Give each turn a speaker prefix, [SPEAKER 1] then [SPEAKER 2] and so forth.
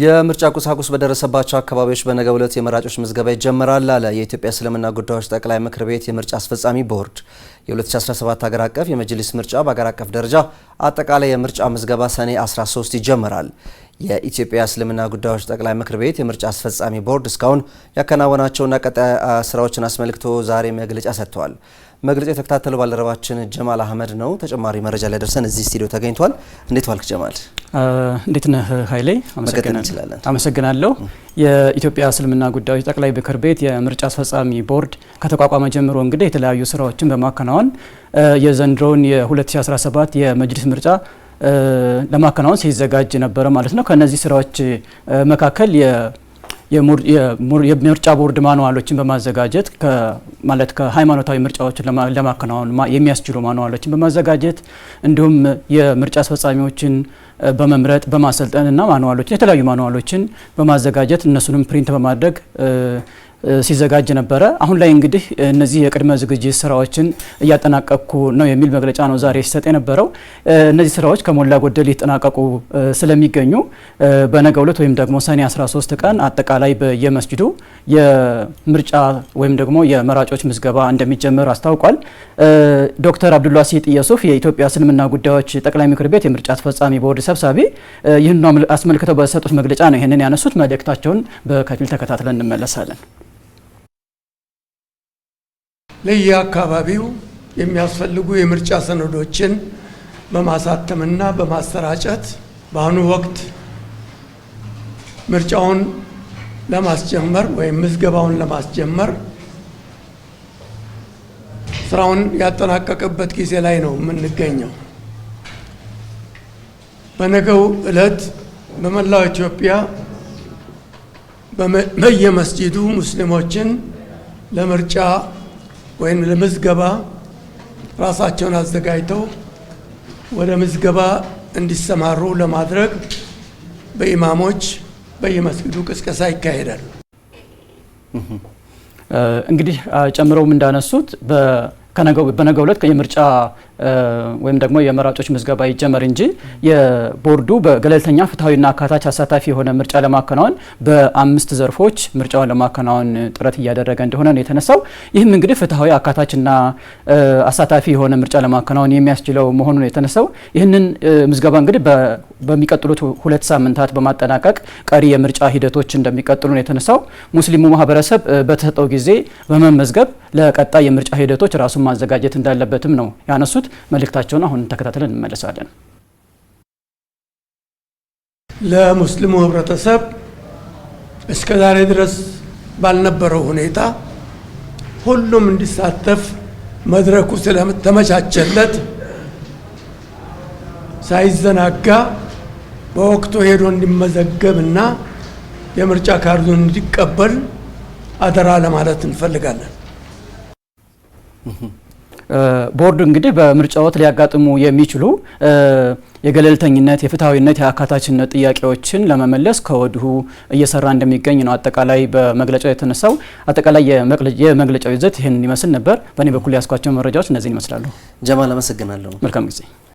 [SPEAKER 1] የምርጫ ቁሳቁስ በደረሰባቸው አካባቢዎች በነገው ዕለት የመራጮች ምዝገባ ይጀምራል አለ የኢትዮጵያ እስልምና ጉዳዮች ጠቅላይ ምክር ቤት የምርጫ አስፈጻሚ ቦርድ። የ2017 ሀገር አቀፍ የመጅሊስ ምርጫ በሀገር አቀፍ ደረጃ አጠቃላይ የምርጫ ምዝገባ ሰኔ 13 ይጀመራል። የኢትዮጵያ እስልምና ጉዳዮች ጠቅላይ ምክር ቤት የምርጫ አስፈጻሚ ቦርድ እስካሁን ያከናወናቸውና ቀጣይ ስራዎችን አስመልክቶ ዛሬ መግለጫ ሰጥተዋል። መግለጫ የተከታተሉ ባልደረባችን ጀማል አህመድ ነው። ተጨማሪ መረጃ ደርሰን እዚህ ስቱዲዮ ተገኝቷል። እንዴት ዋልክ ጀማል?
[SPEAKER 2] እንዴት ነህ ኃይሌ? አመሰግናለሁ። የኢትዮጵያ እስልምና ጉዳዮች ጠቅላይ ምክር ቤት የምርጫ አስፈጻሚ ቦርድ ከተቋቋመ ጀምሮ እንግዲህ የተለያዩ ስራዎችን በማከናወን የዘንድሮውን የ2017 የመጅሊስ ምርጫ ለማከናወን ሲዘጋጅ ነበረ ማለት ነው። ከእነዚህ ስራዎች መካከል የምርጫ ቦርድ ማንዋሎችን በማዘጋጀት ማለት ከሃይማኖታዊ ምርጫዎችን ለማከናወን የሚያስችሉ ማንዋሎችን በማዘጋጀት እንዲሁም የምርጫ አስፈጻሚዎችን በመምረጥ በማሰልጠን እና ማንዋሎችን የተለያዩ ማንዋሎችን በማዘጋጀት እነሱንም ፕሪንት በማድረግ ሲዘጋጅ ነበረ። አሁን ላይ እንግዲህ እነዚህ የቅድመ ዝግጅት ስራዎችን እያጠናቀቅኩ ነው የሚል መግለጫ ነው ዛሬ ሲሰጥ የነበረው። እነዚህ ስራዎች ከሞላ ጎደል ሊጠናቀቁ ስለሚገኙ በነገው ዕለት ወይም ደግሞ ሰኔ 13 ቀን አጠቃላይ በየመስጅዱ የምርጫ ወይም ደግሞ የመራጮች ምዝገባ እንደሚጀምር አስታውቋል። ዶክተር አብዱላሲ ጥየሱፍ የኢትዮጵያ እስልምና ጉዳዮች ጠቅላይ ምክር ቤት የምርጫ አስፈጻሚ ቦርድ ሰብሳቢ ይህን አስመልክተው በሰጡት መግለጫ ነው ይህንን ያነሱት። መልእክታቸውን በከፊል ተከታትለን እንመለሳለን።
[SPEAKER 3] ለየአካባቢው የሚያስፈልጉ የምርጫ ሰነዶችን በማሳተምና በማሰራጨት በአሁኑ ወቅት ምርጫውን ለማስጀመር ወይም ምዝገባውን ለማስጀመር ስራውን ያጠናቀቀበት ጊዜ ላይ ነው የምንገኘው። በነገው ዕለት በመላው ኢትዮጵያ በየመስጂዱ ሙስሊሞችን ለምርጫ ወይም ለምዝገባ ራሳቸውን አዘጋጅተው ወደ ምዝገባ እንዲሰማሩ ለማድረግ በኢማሞች በየመስጊዱ ቅስቀሳ ይካሄዳል።
[SPEAKER 2] እንግዲህ ጨምረውም እንዳነሱት በነገው ዕለት የምርጫ ወይም ደግሞ የመራጮች ምዝገባ ይጀመር እንጂ የቦርዱ በገለልተኛ ፍትሐዊና አካታች አሳታፊ የሆነ ምርጫ ለማከናወን በአምስት ዘርፎች ምርጫውን ለማከናወን ጥረት እያደረገ እንደሆነ ነው የተነሳው። ይህም እንግዲህ ፍትሐዊ አካታችና አሳታፊ የሆነ ምርጫ ለማከናወን የሚያስችለው መሆኑ ነው የተነሳው። ይህንን ምዝገባ እንግዲህ በሚቀጥሉት ሁለት ሳምንታት በማጠናቀቅ ቀሪ የምርጫ ሂደቶች እንደሚቀጥሉ ነው የተነሳው። ሙስሊሙ ማህበረሰብ በተሰጠው ጊዜ በመመዝገብ ለቀጣይ የምርጫ ሂደቶች ራሱን ማዘጋጀት እንዳለበትም ነው ያነሱት። መልእክታቸውን አሁን ተከታትለን እንመለሳለን።
[SPEAKER 3] ለሙስሊሙ ህብረተሰብ እስከ ዛሬ ድረስ ባልነበረው ሁኔታ ሁሉም እንዲሳተፍ መድረኩ ስለተመቻቸለት ሳይዘናጋ በወቅቱ ሄዶ እንዲመዘገብ እና የምርጫ ካርዱን እንዲቀበል አደራ ለማለት እንፈልጋለን።
[SPEAKER 2] ቦርዱ እንግዲህ በምርጫ ወቅት ሊያጋጥሙ የሚችሉ የገለልተኝነት፣ የፍትሐዊነት፣ የአካታችነት ጥያቄዎችን ለመመለስ ከወዲሁ እየሰራ እንደሚገኝ ነው አጠቃላይ በመግለጫው የተነሳው። አጠቃላይ የመግለጫው ይዘት ይህን ይመስል ነበር። በእኔ በኩል ያስኳቸው መረጃዎች እነዚህን ይመስላሉ።
[SPEAKER 1] ጀማል፣ አመሰግናለሁ።
[SPEAKER 2] መልካም ጊዜ